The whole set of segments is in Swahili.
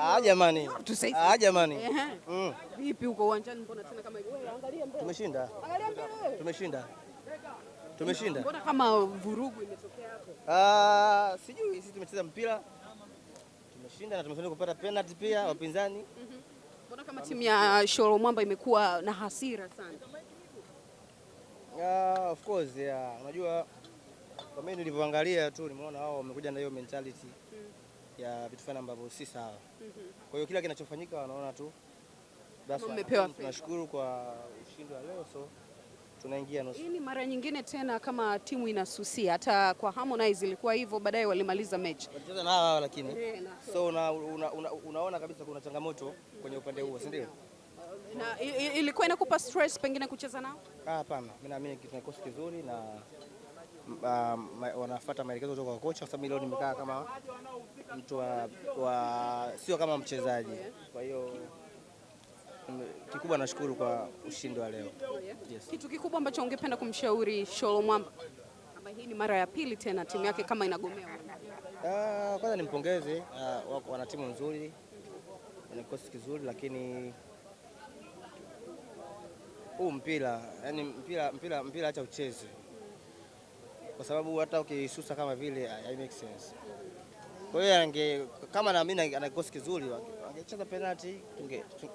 Ah jamani. Ah jamani. Mm. Vipi huko uwanjani mbona tena kama hivi? Wewe angalia mbele. Tumeshinda. Angalia mbele wewe. Tumeshinda. Tumeshinda. Mbona kama vurugu imetokea hapo? Ah, sijui sisi tumecheza mpira. Tumeshinda na tumefanikiwa kupata penalty pia mhm. wapinzani. Mhm. Mbona kama timu ya Sholo Mwamba imekuwa na hasira sana? Yeah, of course yeah. Unajua kwa mimi nilivyoangalia tu nimeona wao wamekuja na hiyo mentality. Mm ya vitu fulani ambavyo si sawa. Mhm. Kwa hiyo kila kinachofanyika wanaona tu basi. Tunashukuru kwa ushindi wa leo so tunaingia nusu. Hii ni mara nyingine tena kama timu inasusia, hata kwa Harmonize ilikuwa hivyo, baadaye walimaliza mechi walicheza na hawa lakini eh, so una, una, una, unaona kabisa kuna changamoto kwenye upande huo, si ndio? Na ilikuwa inakupa stress pengine kucheza nao? Ah, hapana, mimi naamini kikosi kizuri na uh, wanafuata maelekezo kutoka kwa kocha, kwa sababu leo nimekaa kama mtu wa, wa sio kama mchezaji. Kwa hiyo kikubwa nashukuru kwa ushindi wa leo yes. Kitu kikubwa ambacho ungependa kumshauri Sholo Mwamba ambaye hii ni mara ya pili tena timu yake kama inagomewa? Uh, ah, kwanza nimpongeze uh, wana timu nzuri, wana kikosi kizuri, lakini huu mpira yani mpira mpira mpira, acha uchezi kwa sababu hata ukisusa kama vile hai make sense. Kwa hiyo ange kama naamini ana kikosi kizuri, angecheza penalty,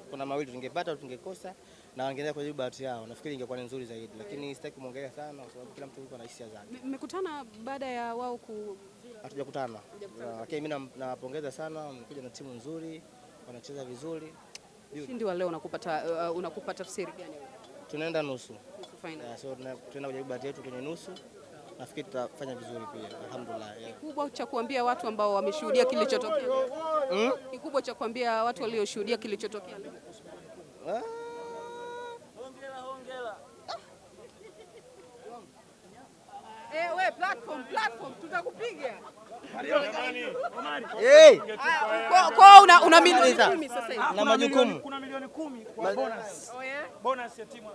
kuna mawili tungepata, tungekosa na kwa hiyo bahati yao, nafikiri ingekuwa ni nzuri zaidi, lakini sitaki kumwongelea sana kwa sababu kila mtu yuko na hisia zake. Mmekutana baada ya wao ku, hatujakutana ah, lakini mimi nawapongeza sana, mkuja na timu nzuri, wanacheza vizuri. Ushindi wa leo unakupata, uh, unakupa tafsiri gani? Tunaenda nusu, so tunaenda kujaribu bahati yetu kwenye nusu nafikiri tutafanya vizuri pia, alhamdulillah. Kikubwa cha kuambia watu ambao wameshuhudia kilichotokea hmm? Kikubwa cha kuambia watu walioshuhudia kilichotokea ah. eh, Kwa una, Na majukumu. Kuna milioni kumi kwa bonus. Oh yeah. Bonus ya timu.